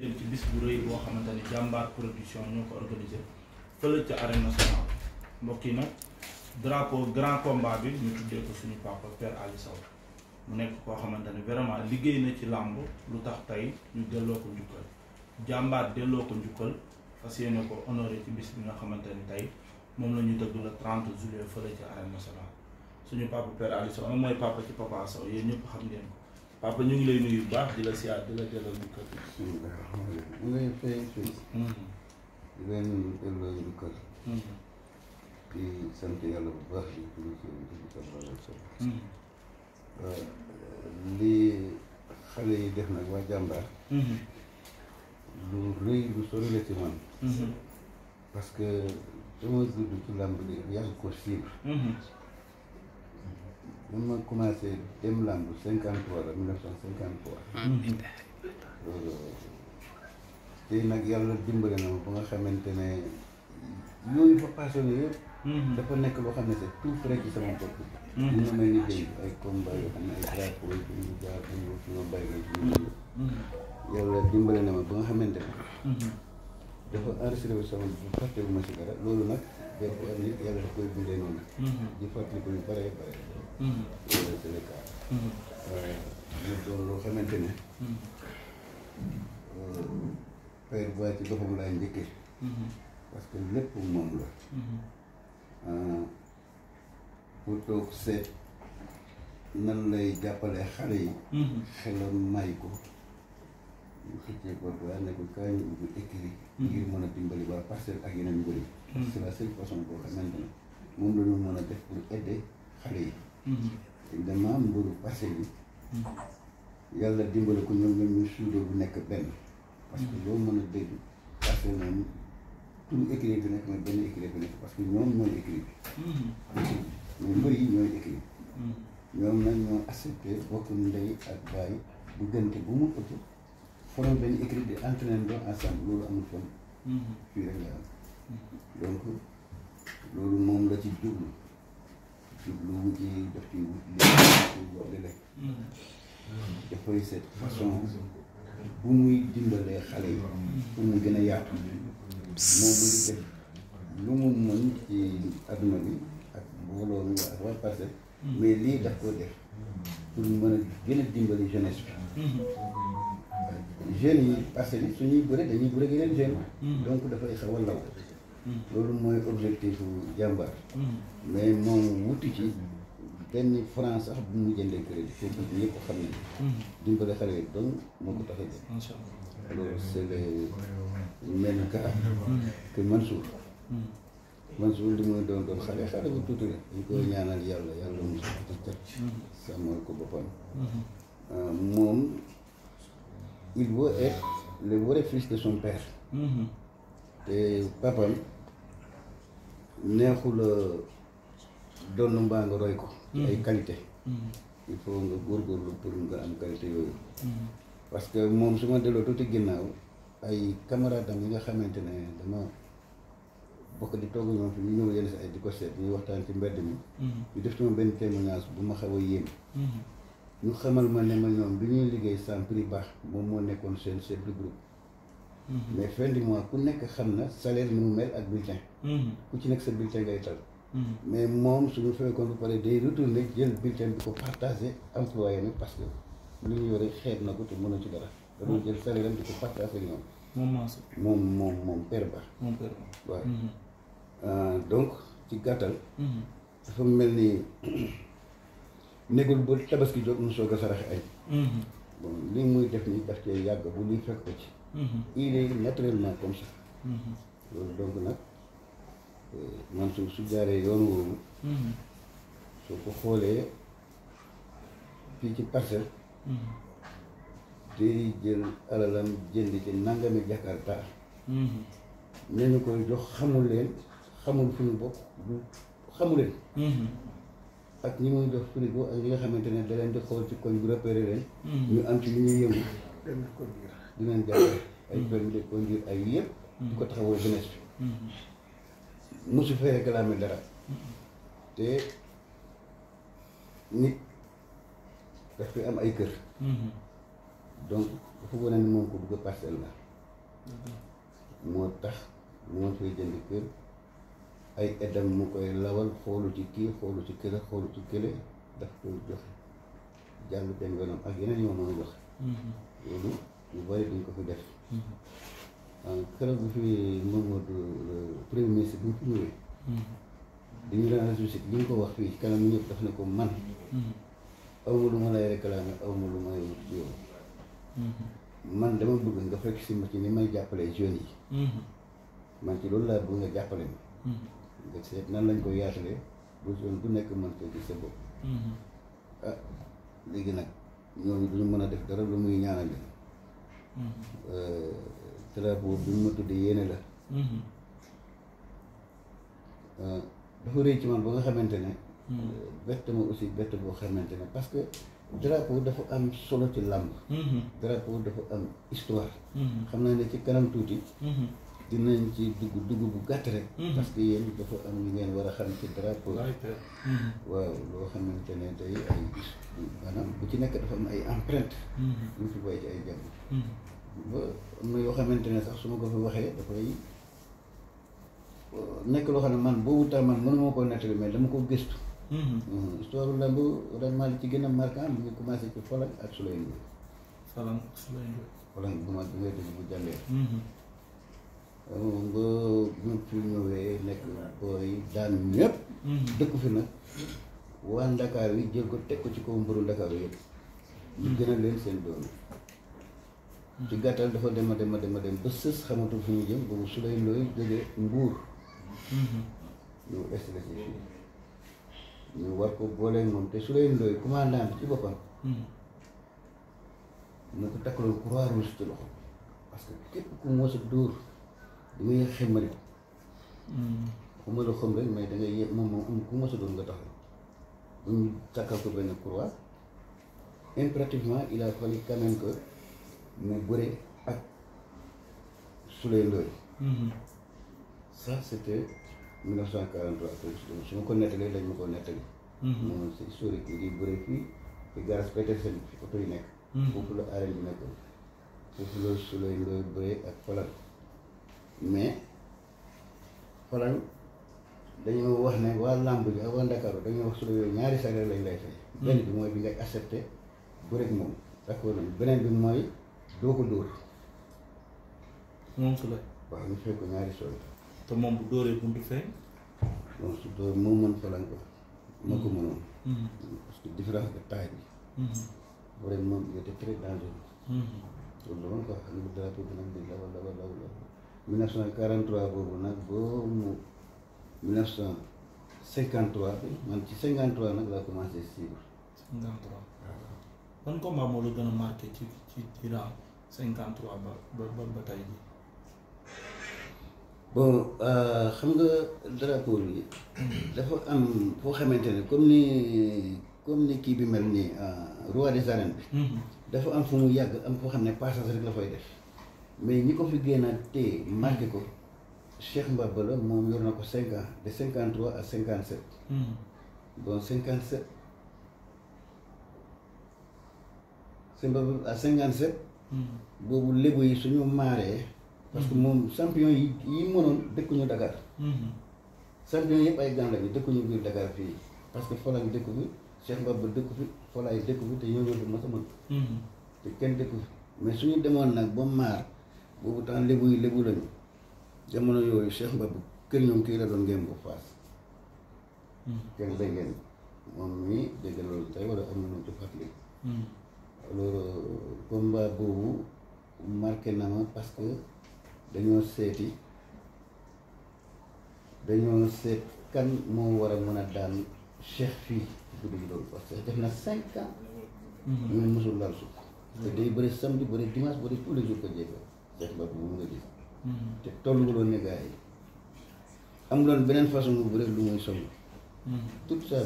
jëm ci bis bu rëy boo xamante ni jàmbaar production ñoo ko organisé fële ca arène nationale mbokk yi nag drapeau grand combat bi ñu tuddee ko suñu papa père Ali Sow mu nekk koo xamante ni vraiment liggéey na ci làmb lu tax tey ñu delloo ko njukkal jàmbaar delloo ko njukkal fas yéene ko honoré ci bis bi nga xamante ni tey moom la ñu dëgg la 30 juillet fële ca arène suñu papa père Ali Sow nag mooy papa ci papa Sow yéen ñëpp xam ngeen ko. papa ñu ngi lay nuyu baax di la siyaar di la delloo kër. ñu lay fay fii. di leen delloo yàlla bu baax di xale yi def nag waa jàmbaar. lu rëy lu sori man. parce que sama judd ci làmb bi yàgg ko suivre. man ma commencé dem làmb cinquante trois la mille neuf cinquante trois mm-hmm. mm-hmm. loolu nag yàlla dimbale na ba nga xamante ne yooyu fa mm-hmm. nekk loo xam ne c'est tout na ma xamante ne dafa enregistré loolu nag nit yàlla daf koy bindee noonu di fàttali ko yu bare bare Sénégal waaye mu doon loo xamante ne père Boye ci boppam laay njëkkee parce que lépp moom la bu toog seet nan lay jàppale xale yi xelam may ko ñu xëccee ko waaye ne ko ngir mën a dimbali waa parcelle ak yeneen mbir yi c'est la seule façon boo xamante ne moom la mën a def pour aider xale yi évidemment mbuuru parce que yàlla dimbali ko ñoom ñoom ñu suudoo bu nekk benn parce que loo mën a dégg passé moom tout équilibre bi nekk mooy benn équilibre bi nekk parce que ñoom ñooy équilibre bi mais mbër yi ñooy équilibre ñoom nag ñoo accepté bokk ndey ak baay diggante bu mu ëpp forom benn équipe di entraîner doo ensemble loolu amul fon mhm. fii rek la am donc loolu moom la ci jublu ci lu mu ci daf ci wut li nekk dafay seet façon bu muy dimbalee xale yi pour mu gën a yaatu moom muy def lu mu mën ci adduna bi ak mbooloo mi ak waa passé mais lii daf ko def pour mën a gën a dimbali jeunesse bi jeunes yi passé bi suñuy bëre dañuy bëre yeneen jeunes mm-hmm. donc dafay xaw a law Mm-hmm. loolu mooy objectif jàmbaar. Mm-hmm. mais moom wuti ci mm-hmm. benn franc sax bu mu jëndee crédit foofu ñëpp xam nañu. dimbale xale yi donc moo ko tax a jëm. macha allah loolu c'est le même cas que Mansour. Mansour li muy doon doon xale xale bu tuuti rek. koy ñaanal yàlla yàlla mu cat sàmmal ko boppam. Euh, moom il veut être le vrai fils de son te papam neexula doon mbaa nga roy ko ci ay mm-hmm. qualité mm-hmm. il faut nga góorgóorlu pour nga am qualité yooyu mm-hmm. parce que moom su ma delloo tuuti ginnaaw ay camarades am yi nga xamante ne dama bokk di togg ñoom fi ñu ñëw yenn si ay di ko seet ñuy waxtaan ci mbedd mi ñu def ci benn témoignage bu ma xaw a yéem ñu xamal ma ne ma ñoom bi ñuy liggéey sans prix baax moom moo nekkoon seen chef de groupe Mhm. mais fin du ku nekk xam na salaire nu mu mel ak bulletin. Mhm. ku ci nekk sa bulletin ngay tal. Mhm. mais moom suñu fekkoon ba pare day retourné jël bulletin bi ko partagé employé nag parce que lu ñu yore xeet na ko te mënoo ci dara. da doon jël salaire am di ko partagé ak dafa mel ni négul ba tabaski jot mu soog a saraxe ay. li muy def nii daf cee yàgg bu luy fekk ko ci. Mm-hmm. il est naturellement comme ça. Mm-hmm. loolu donc nag euh, man su su jaaree yoon woowu. Mm-hmm. soo ko xoolee fii ci parcelle. day jël alalam jënd ci nangami jakarta. ne ñu koy jox xamul leen xamul fu ñu bokk du xamu ak ñi muy jox frigo ak ñi nga xamante ne daleen leen di xool ci koñ bu leen. ñu am ci li ñuy yëngu. dinañ jàll ay permis de conduire ay yëpp di ko taxawoo jeunesse bi mosu fee réclamer dara te nit daf fi am ay kër donc dafa wane ne moom ko bëgg a la moo tax moo fay jënd kër ay edam mu koy lawal xoolu ci kii xoolu ci kële xoolu ci kële daf koy joxe jàll benn yoonam ak yeneen yoo mën a mhm. yu bëri dañ ko fi def mm-hmm. ah, keroog bi fi Mamadou euh, premier ministre fi ñëwee dañu daan résultat li ko wax fii kanam ñëpp daf ne ko man mm-hmm. awma lu ma lay réclamer awma lu may wut ci mm-hmm. man dama bëgg nga fekk si ma ci ni may jàppalee jeunes yi man ci loolu laa bëgg nga jàppale ma nga nan lañ ko yaatalee bu jeune bu nekk mën ko gis sa bopp ah, léegi nag ñooñu duñu mën a def dara lu muy ñaanal drapeau euh, bi mu ma tudde yéene la euh, dafa rëy ba nga xamante ne mm-hmm. bett ma aussi bett boo xamante ne parce que drapeau dafa am solo ci làmb drapeau mm-hmm. dafa am histoire mm-hmm. xam naa ne ci kanam tuuti dinañ ci dugg dugg bu gàtt rek parce que dafa am lu ngeen war a xam ci drapeau waaw loo xamante ne day ay maanaam bu ci nekk dafa am ay empreinte ñu mm-hmm. fi booy ay jàng mm-hmm. ba am yoo xamante ne sax su ma ko fi waxee dafay euh, nekk loo xam ne man boobu tax man mënu ma koo nettali mais dama ko gëstu mm-hmm. histoire lamb vraiment li ci gën a marquant mu ngi commencé ci Falang ak Souley Ndoye Falang Souley bu euh, ma bi ngay dégg bu jàngee moom ba fi ñëwee nekk booy daan ñëpp dëkku fi nag waa Ndakaar yi jël ko teg ko ci kaw mburu Ndakaar yëpp. ñu gënal leen seen doom ci gàttal dafa dem a dem a dem a dem ba sës xamatul fu ñu jëm boobu su lay looy jógee mbuur. Mm-hmm. ñëw ñu war ko boolee moom te su lay looy commandant ci boppam. mu mm-hmm. ko takkaloon croix rouge ci loxo parce que képp ku mos a dóor da ngay xemmali. xamali mm-hmm. xom rek mais da ngay moom moom ku mos a dóor nga taxaw. ñu takkal ko benn croix impérativement il a fallu quand même que mu bëre ak Souleye Ndoye mm-hmm. ça c' était 1943 su ma ko nettalee dañ ma ko nettali mm-hmm. moom c' est historique di bëre fii ci garage Petersen fi oto yi nekk mm-hmm. foofu la arène bi nekkoon foofu la Souleye Ndoye bëre ak Falang mais Falang dañu wax ne waa làmb bi ak waa Ndakaaru dañu wax suba yooyu ñaari salaire lañ lay fay. Hmm. benn bi mooy bi ngay accepté bu rek moom d'accord beneen la. waaw ñu fekk ko ñaari sooy. te moom bu la woon quoi xam nga drapeau bi nag di law law law law boobu nag 1953 bi man ci 53 nag laa commencé suivre. 53 ban combat ci ci Iran 53 ba ba ba tey jii. bon euh, xam nga drapeau bi dafa am foo xamante ne comme ni comme ni kii bi mel ni euh, roi des arènes bi. Mhm. dafa am fu mu yàgg am foo xam ne passage rek la fay def mais ñi ko fi génn a téye ko. Cheikh Mbabala moom yor na ko cinq ans de cinquante trois à hmm. hmm. boobu lébu yi suñu maaree. parce hmm. moom champion yi yi dëkkuñu Dakar. champion yëpp ay gan lañu dëkkuñu biir Dakar fii parce que dëkku fi Cheikh Mbabala dëkku fi Fala dëkku fi te ñoo ñoo fi mos te kenn dëkku fi mais suñu demoon nag ba maar boobu temps lébu yi lañu. jamono yooyu Cheikh Mbab kër ñoom kii la doon ngeen bu faas. Hmm. kenn day ngeen moom mii dégg loolu tey wala am na ñu ci fàttali. Hmm. alors boobu marqué na ma parce que dañoo seeti dañoo seet kan moo war a mën a daan Cheikh fii guddi loolu parce que def na cinq ans. Hmm. ñu musul laal suuf. te day bëri samedi bëri dimanche bëri tous les jours ko jéego Cheikh Mbab mu nga gis. Mm-hmm. te tolluwuloo ne gars yi am beneen façon bu rek lu muy song mm-hmm. toute sa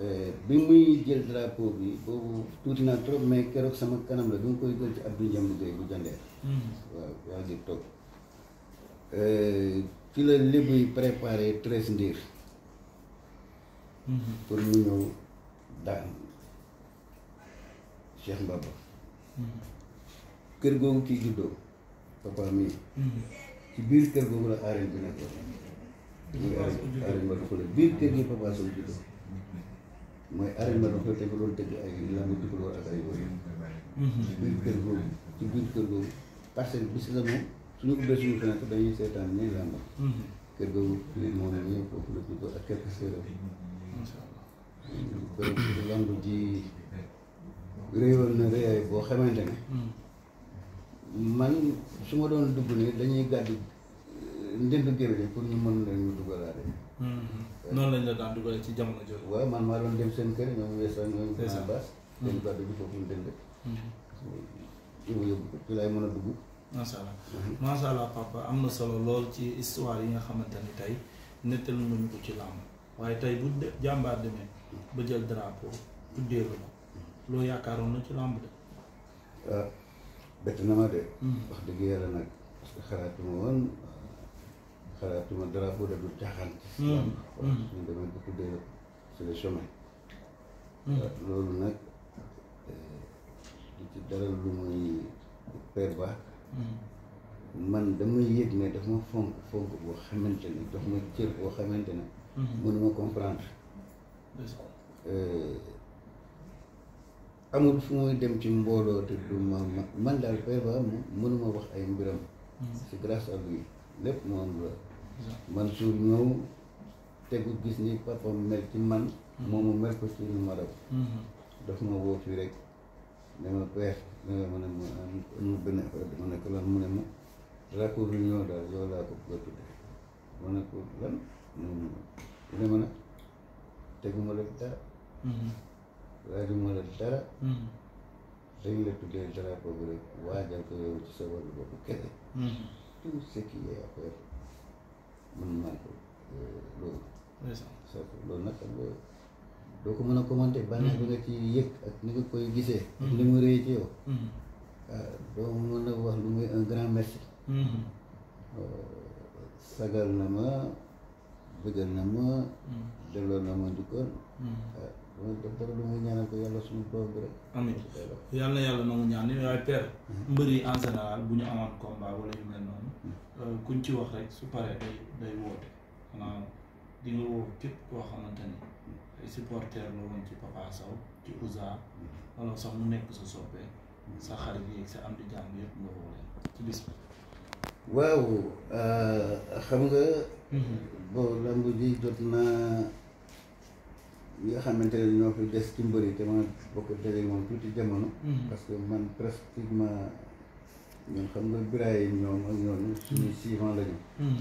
euh, bi muy jël drapeau bi boobu tuuti naa trop mais keroog sama kanam la bi mu koy jël ci Abdou Ndiamb Gueye bu jandeer mm-hmm. waaw yaa ngi toog euh, ci la lébuy préparé treize ndiir pour mu ñëw daan Cheikh Mbaba kër googu kii juddoo papa mii ci biir kër googu la arène bi nekkoon mooy arène arène ma duxule biir kër gi papa Sow juddoo mooy arène ma duxule te ko doon tëgg ay lamb ci biir kër googu ci biir kër googu parce que bis ji réyoon na réyaay boo xamante ne hmm. man su ma doon dugg nii dañuy gàddu euh, ndënd géwél pour ñu mën leen ñu dugalaale. Mm-hmm. noonu lañ la daan dugalee ci jamono jooju. waaye man maa doon dem seen kër ñoom wees ak ñoom. c'est ça bas mm-hmm. dañu gàddu gi mm-hmm. mën a dugg. macha allah allah papa am na solo lool ci histoire yi nga xamante ni tey nettal nañu ko ci làmb waaye tey bu jàmbaar demee ba jël drapeau tuddee la loo yaakaaroon na ci làmb de. Euh, bett na ma de. Hmm. wax dëgg yàlla nag parce que xalaatuma woon euh, xalaatuma dara bu dee du caaxaan. waaw ñun dama ko tuddee c'est le chemin. Hmm. Euh, loolu nag euh, ci dara lu muy père ba. Hmm. man damay yëg ne daf ma fonk fonk boo xamante ne daf ma cër boo xamante ne. mënuma comprendre. amul fu muy dem ci mbooloo te du ma man daal feebar moom mënuma wax ay mbiram hmm. c'est grâce à lui lépp moom la man suur ñëw tegu gis ni papa mel ci man hmm. moomu mel ko ci nu ma raw hmm. daf a mu am benn affaire dama ne ko mu ne ma raccour daal yow laa ko bëgg a tudde ma ne ko lan mu ne ma nag teguma rek waaye du mën a dara dañ hmm. la tuddee drapeau bi rek waajal ko yow ci sa wàllu bopp kese hmm. tout ce qui est affaire man maa ko euh, loolu loolu nag xam nga doo ko mën a commenté hmm. bànneex bi nga ci yëg ak ni nga koy gisee ak ni mu rëy ci yow ah, doo mën a wax lu muy un grand merci euh, sagal na ma bëggal na ma delloo na ma njukkoon ah, muy def dara lu muy ñaanal ko yàlla suñu borom bi rek. amiin yàlla yàlla nangu ñaan ni waaye père. Hmm. mbër yi en général bu ñu amoon combat wala yu mel noonu. Hmm. Euh, kuñ ci wax rek su paree day day woote xanaa di nga woo képp koo xamante ni hmm. ay supporter la ci Papa Sow ci mu nekk sa soppee sa yi sa euh, naa. ñi nga xamante ne ñoo fi des ci mbër yi te ma bokk daje moom tuuti jamono. Mm. parce que man pratiquement ñun xam nga biraay ñoom ak ñooñu suñu mm. suivant la mm.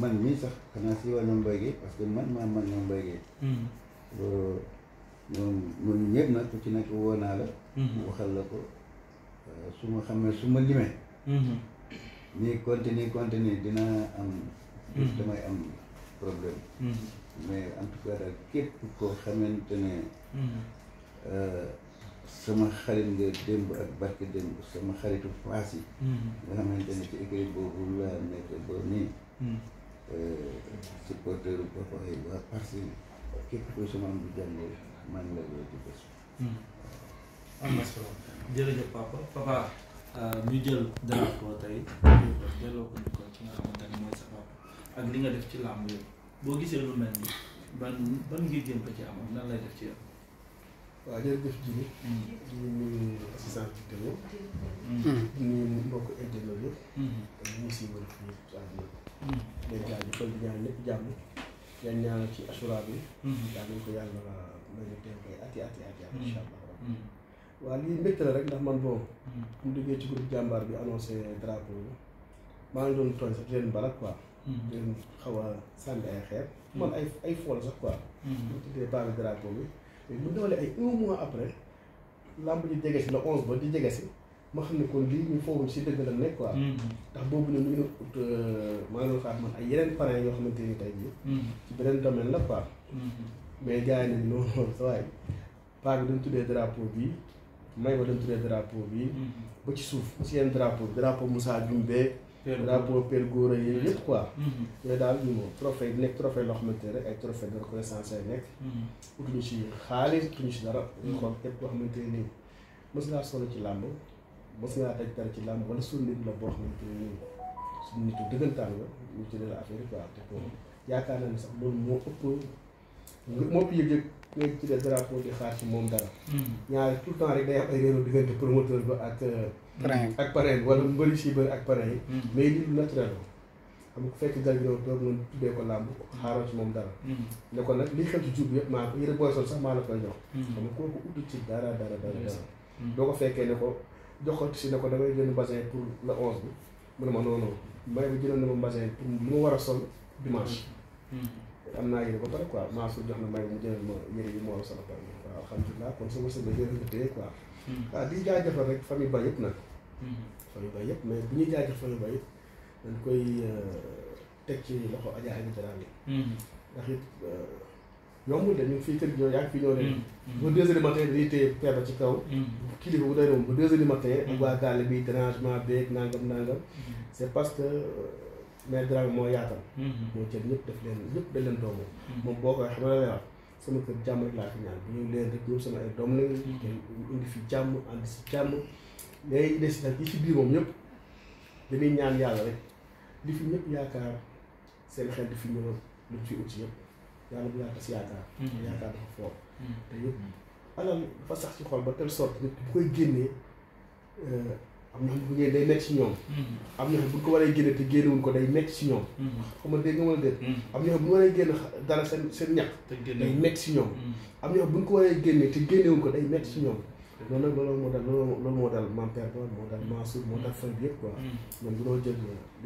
man mii sax xanaa si wàllum mbéy parce que man maa man ñoom mbéy gi. ñoom ñoom ñëpp ku ci nekk woo naa mm-hmm. waxal la ko euh, su ma xamee su ma limee. Mm-hmm. nii continuer continuer dinaa am. Mm-hmm. damay am. problème. Mm-hmm. mais en tout képp koo xamante ne. Mm-hmm. Euh, sama xarit nga démb ak barke démb sama xaritu faas yi. Mm-hmm. nga xamante ne ci écrit boobu laa nekk ba nii. Euh, supporteru papa yi parce que képp koo sama am bu jàngee man la loo ci bés. am euh, nga xamante ne mooy sa papa. ak li nga def ci làmb yooyu boo gisee lu mel nii ban ban ngir jëm ko ci am nan lay def ci yow. waaw jërëjëf ji bi. Hmm. di nuyu assistance bi tamit. Hmm. Hmm. di nuyu mbokk internet yëpp. ak ñi si mën fii ci àdduna. léegi daal di ko ñaan lépp jàmm. yan ñaanal ci asura bi. daal nañ ko yàlla mën a teew koy ati ati ati ati incha allah. waaw lii mbégte la rek ndax man boobu. bu ñu duggee ci groupe jàmbaar bi annoncé drapeau bi maa ngi doon tooñ sax di leen balak quoi. Mm-hmm. di leen xaw a sànni ay xeer. man mm-hmm. ay ay fo la sax quoi. bu mm-hmm. ñu tuddee baalu drapeau bi. mais bu ñu dawalee ay un mois après làmb ji jege si la onze ba di jege si ma xam ne kon lii ñu fooguñ si dëgg la nekk quoi. ndax boobu nag ñu ngi ut euh, maa ngi faat man ay yeneen parrain yoo xamante ni tey jii. ci beneen domaine la quoi. mais gars yi nañ noonu noonu sa waay paa bi dañ tuddee drapeau bi may ba dañ tuddee drapeau bi. ba ci suuf si yenn drapeau bi drapeau Moussa Dioum drapeau père góor a yooyu yëpp quoi yooyu mhm. daal ñu moom trophée nekk trophée loo xamante ne rek ay trophée de reconnaissance ay nekk mhm. utuñu si xaalis utuñu si dara mhm. xool képp koo xamante nii mës ci làmb mës ngaa nit la boo xamante ne nii suñu nitu dëggantaan la ñu jëlee la affaire quoi te ko yaakaar naa ne sax loolu moo ëpp moo ëpp yëg-yëg nga ci des di xaar ci moom dara ñaari tout temps rek day am ay réeru diggante promoteur ba ak euh, parrain ak parrain wala mbëri si bëri ak parrain yi. Hmm. mais lii lu naturel fekk jàng yow doog noonu tuddee ko làmb moom dara. Hmm. ne ko nag li xew ci jur bi yëpp ko yëre booy sol sax maa la koy jox. Hmm. xam nga ko fekkee ne ko joxati ko damay jënd basin pour la onze bi mu ne ma non non may bi jëloon na ma basin pour li ma war a sol dimanche. am naa yëre ba pare quoi maa su jox na may mu jëlal ma yëre yi moo la sol a pare waaw alhamdulilah kon sama sëñ bi jëlal ko téye Hmm. waaw di jaajëfal rek famille Ba yëpp nag. Hmm. famille Ba yëpp mais bu ñuy jaajëfal famille Ba yëpp dañ koy euh, teg ci loxo Adja Aïda Diallo. Hmm. ndax it euh, yombul de ñun fii kër gi yaa ngi fi ñëw de. bu deux heures du matin dañuy ci kaw. kilifa bu doy moom bu deux heures matin. ak waa bi dérangement beeg nangam nangam. c' est parce que euh, maire moo yaatal. moo jël ñëpp def leen ñëpp dañ leen doomu. moom boo koy xam ne la lay sama kër jàmm rek laa fi ñaan bu ñu leer rek ñoom sama ay doom lañu indi fi jàmm ànd si jàmm léegi des nag yi ci biir moom ñëpp dañuy ñaan yàlla rek li fi ñëpp yaakaar seen xel di fi ñëwoon lu fi ut yëpp yàlla bu yaakaar si mm-hmm. yaakaar. yaakaar dafa fort. Mm-hmm. te yëpp mm-hmm. alal dafa sax ci xool ba telle sorte nit bu koy génnee. Euh, am na bu ñëwee day nekk si ñoom. Mm-hmm. am na bu ñu ko waree génne te génnewuñ ko day nekk si ñoom. Mm-hmm. xam nga dégg nga wala déet. Mm-hmm. am na bu ñu waree génne dara seen seen ñax. day nekk si ñoom. am na bu ñu ko waree génne te génnewuñ ko day nekk si ñoom. loolu nag loolu moo dal loolu moo dal maam père ba moo dal Mansour moo dal fan bi yëpp quoi. ñoom bu doon jël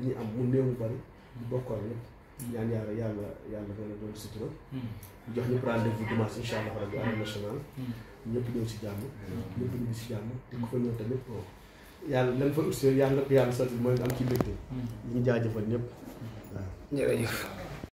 li ñu am mu néew mu bari. ñu bokkoon lépp. ñaan yàlla yàlla yàlla doon doon sutura. ñu jox ñëpp rendez-vous dimanche incha allah rabi arène nationale. ñëpp ñëw si jàmm. ñëpp ñëw si jàmm. di ko fa ñëw tamit yàlla lan fa ut si yàlla na yàlla sotti mooy am ci mbégte. Hmm. ñu ngi jaajëfal ñëpp hmm. waaw. jërëjëf.